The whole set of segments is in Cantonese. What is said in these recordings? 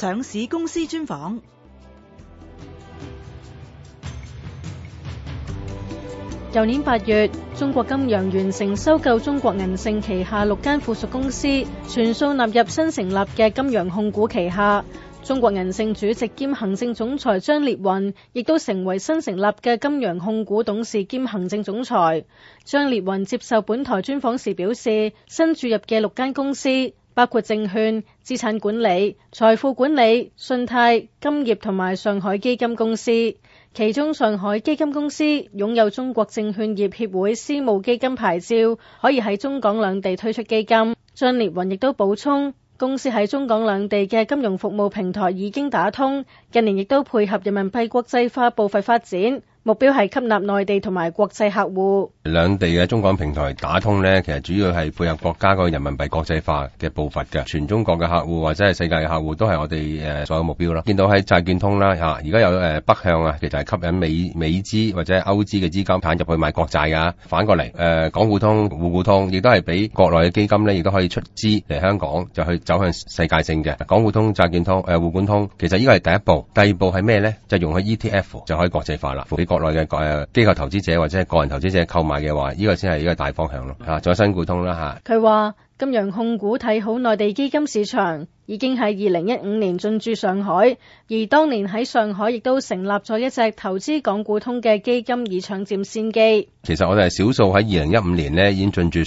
上市公司專訪。舊年八月，中國金陽完成收購中國銀盛旗下六間附屬公司，全數納入新成立嘅金陽控股旗下。中國銀盛主席兼行政總裁張烈雲亦都成為新成立嘅金陽控股董事兼行政總裁。張烈雲接受本台專訪時表示：新注入嘅六間公司，包括證券、資產管理、財富管理、信貸、金業同埋上海基金公司，其中上海基金公司擁有中國證券業協會私募基金牌照，可以喺中港兩地推出基金。張烈雲亦都補充，公司喺中港兩地嘅金融服務平台已經打通，近年亦都配合人民幣國際化步伐發展。目標係吸納內地同埋國際客戶，兩地嘅中港平台打通咧，其實主要係配合國家個人民幣國際化嘅步伐嘅。全中國嘅客戶或者係世界嘅客戶都係我哋誒所有目標咯。見到喺債券通啦吓，而、啊、家有誒、呃、北向啊，其實係吸引美美資或者係歐資嘅資金入去買國債噶。反過嚟誒、呃，港股通、滬股通亦都係俾國內嘅基金咧，亦都可以出資嚟香港，就去走向世界性嘅。港股通、債券通、誒滬港通，其實呢個係第一步，第二步係咩咧？就用去 ETF 就可以國際化啦，俾國。國內嘅個機構投資者或者係個人投資者購買嘅話，呢、呢個先係依個大方向咯。吓，再新股通啦，吓，佢話、嗯。金洋控股睇好內地基金市場，已經喺2015年進駐上海，而當年喺上海亦都成立咗一隻投資港股通嘅基金，而搶佔先機。其實我哋係少數喺2015 2015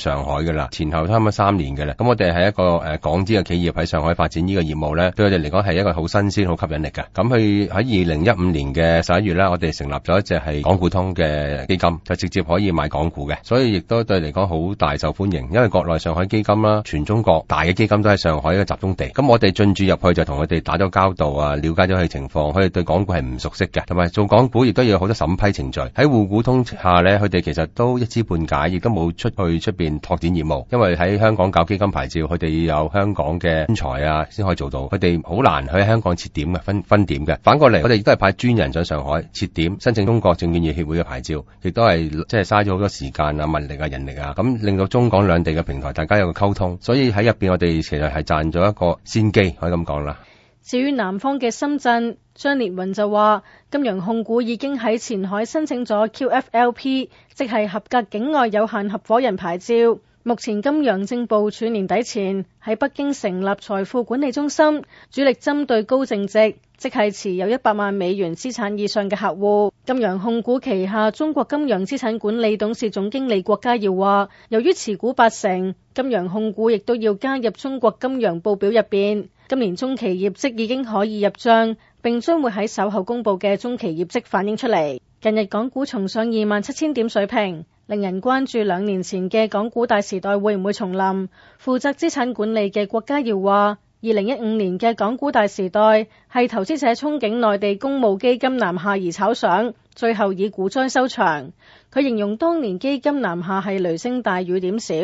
全中國大嘅基金都喺上海一個集中地，咁我哋進駐入去就同佢哋打咗交道啊，了解咗佢情況。佢哋對港股係唔熟悉嘅，同埋做港股亦都有好多審批程序。喺滬股通之下呢，佢哋其實都一知半解，亦都冇出去出邊拓展業務。因為喺香港搞基金牌照，佢哋要有香港嘅人才啊，先可以做到。佢哋好難去香港設點嘅分分點嘅。反過嚟，我哋亦都係派專人上上海設點，申請中國證券業協會嘅牌照，亦都係即係嘥咗好多時間啊、物力啊、人力啊，咁令到中港兩地嘅平台大家有個溝。所以喺入邊我哋其實係賺咗一個先機，可以咁講啦。至於南方嘅深圳，張烈雲就話，金洋控股已經喺前海申請咗 QFLP，即係合格境外有限合伙人牌照。目前金洋正部署年底前喺北京成立財富管理中心，主力針對高淨值，即係持有一百萬美元資產以上嘅客戶。金洋控股旗下中國金洋資產管理董事總經理郭家耀話：由於持股八成，金洋控股亦都要加入中國金洋報表入邊。今年中期業績已經可以入賬，並將會喺稍後公佈嘅中期業績反映出嚟。近日港股重上二萬七千點水平。令人關注兩年前嘅港股大時代會唔會重臨？負責資產管理嘅郭家耀話，二零一五年嘅港股大時代係投資者憧憬內地公募基金南下而炒上，最後以股災收場。佢形容當年基金南下係雷聲大雨點少，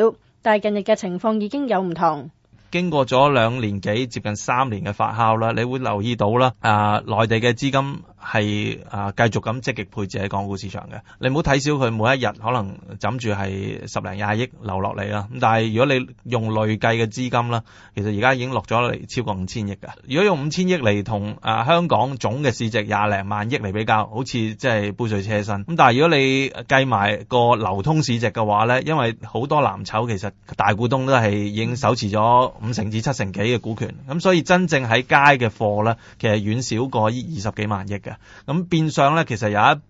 但係近日嘅情況已經有唔同。經過咗兩年幾接近三年嘅發酵啦，你會留意到啦，啊，內地嘅資金。係啊，繼續咁積極配置喺港股市場嘅。你唔好睇小佢每一日可能枕住係十零廿億流落嚟啦。咁但係如果你用累計嘅資金啦，其實而家已經落咗嚟超過五千億㗎。如果用五千億嚟同啊香港總嘅市值廿零萬億嚟比較，好似即係杯水車薪。咁但係如果你計埋個流通市值嘅話咧，因為好多藍籌其實大股東都係已經手持咗五成至七成幾嘅股權，咁所以真正喺街嘅貨咧，其實遠少過二十幾萬億。咁變相咧，其實有一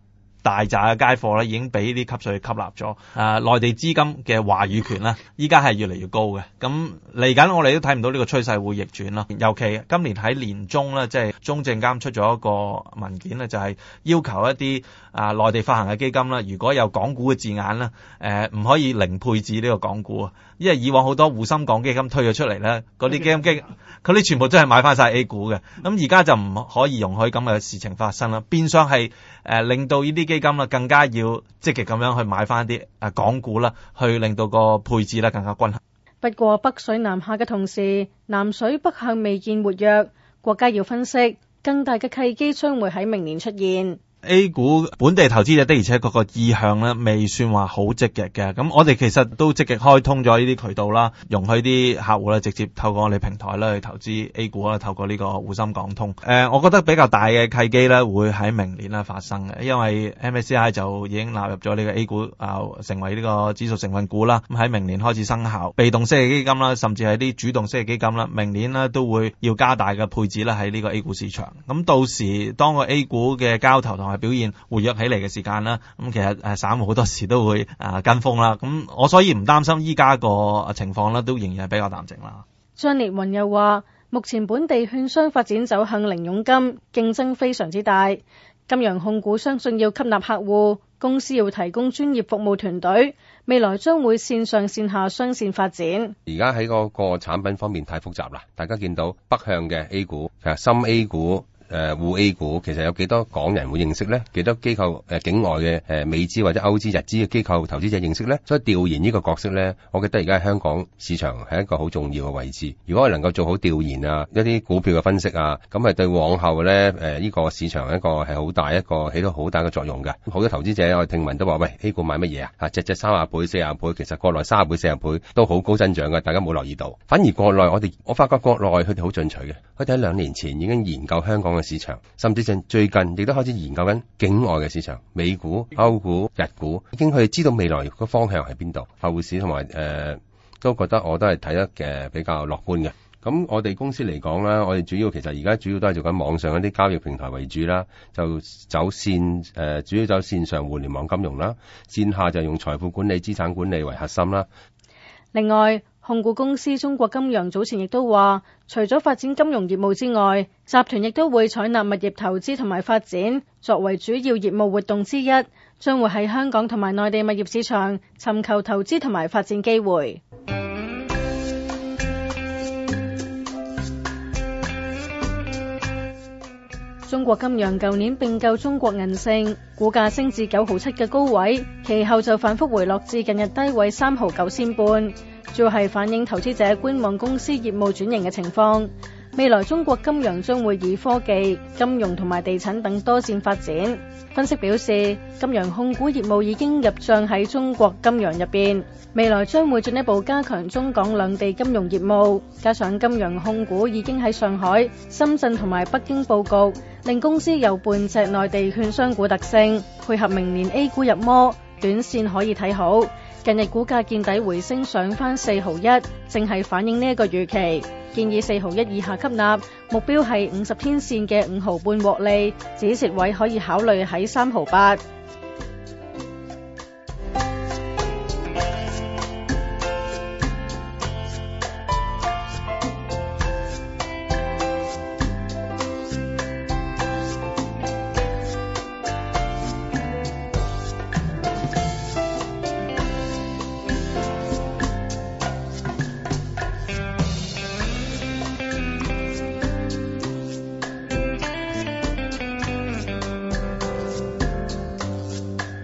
大閘嘅街貨咧，已經俾啲吸稅吸納咗。啊，內地資金嘅話語權啦，依家係越嚟越高嘅。咁嚟緊我哋都睇唔到呢個趨勢會逆轉咯。尤其今年喺年中咧，即、就、係、是、中證監出咗一個文件咧，就係、是、要求一啲啊內地發行嘅基金咧，如果有港股嘅字眼咧，誒、啊、唔可以零配置呢個港股啊。因為以往好多滬深港基金推咗出嚟咧，嗰啲基金經佢哋全部真係買翻晒 A 股嘅。咁而家就唔可以容許咁嘅事情發生啦。變相係誒、啊、令到呢啲。基金啊，更加要積極咁樣去買翻啲啊港股啦，去令到個配置咧更加均衡。不過北水南下嘅同時，南水北向未見活躍，國家要分析更大嘅契機將會喺明年出現。A 股本地投資者的而且確個意向咧，未算話好積極嘅。咁我哋其實都積極開通咗呢啲渠道啦，容許啲客戶咧直接透過我哋平台咧去投資 A 股啦，透過呢個滬深港通。誒、呃，我覺得比較大嘅契機咧，會喺明年咧發生嘅，因為 MSCI 就已經納入咗呢個 A 股啊，成為呢個指數成分股啦。咁喺明年開始生效，被動式嘅基金啦，甚至係啲主動式嘅基金啦，明年咧都會要加大嘅配置啦喺呢個 A 股市場。咁到時當個 A 股嘅交投同表現活躍起嚟嘅時間啦，咁其實誒散戶好多時都會誒跟風啦，咁我所以唔擔心依家個情況啦，都仍然係比較淡靜啦。張烈雲又話：目前本地券商發展走向零佣金，競爭非常之大。金洋控股相信要吸納客戶，公司要提供專業服務團隊，未來將會線上線下雙線發展。而家喺嗰個產品方面太複雜啦，大家見到北向嘅 A 股其實深 A 股。誒滬 A 股其實有幾多港人會認識咧？幾多機構、呃、境外嘅誒、呃、美資或者歐資日資嘅機構投資者認識咧？所以調研呢個角色咧，我覺得而家香港市場係一個好重要嘅位置。如果我哋能夠做好調研啊，一啲股票嘅分析啊，咁係對往後咧誒呢、呃這個市場一個係好大一個起到好大嘅作用嘅。好多投資者我聽聞都話：喂，A 股買乜嘢啊？啊，隻隻三呀倍、四呀倍，其實國內三十倍、四十倍都好高增長嘅，大家冇留意到。反而國內我哋我發覺國內佢哋好進取嘅，佢哋喺兩年前已經研究香港。嘅市場，甚至正最近亦都開始研究緊境外嘅市場，美股、歐股、日股，已經佢哋知道未來個方向喺邊度，後市，同埋誒都覺得我都係睇得誒比較樂觀嘅。咁我哋公司嚟講咧，我哋主要其實而家主要都係做緊網上一啲交易平台為主啦，就走線誒、呃，主要走線上互聯網金融啦，線下就用財富管理、資產管理為核心啦。另外。控股公司中國金洋早前亦都話，除咗發展金融業務之外，集團亦都會採納物業投資同埋發展作為主要業務活動之一，將會喺香港同埋內地物業市場尋求投資同埋發展機會。 中國金洋舊年併購中國銀盛，股價升至九毫七嘅高位，其後就反覆回落至近日低位三毫九仙半。主要係反映投資者觀望公司業務轉型嘅情況。未來中國金洋將會以科技、金融同埋地產等多線發展。分析表示，金洋控股業務已經入賬喺中國金洋入邊。未來將會進一步加強中港兩地金融業務，加上金洋控股已經喺上海、深圳同埋北京布局，令公司有半隻內地券商股特性，配合明年近日股價見底回升，上翻四毫一，正係反映呢一個預期。建議四毫一以下吸納，目標係五十天線嘅五毫半獲利，止蝕位可以考慮喺三毫八。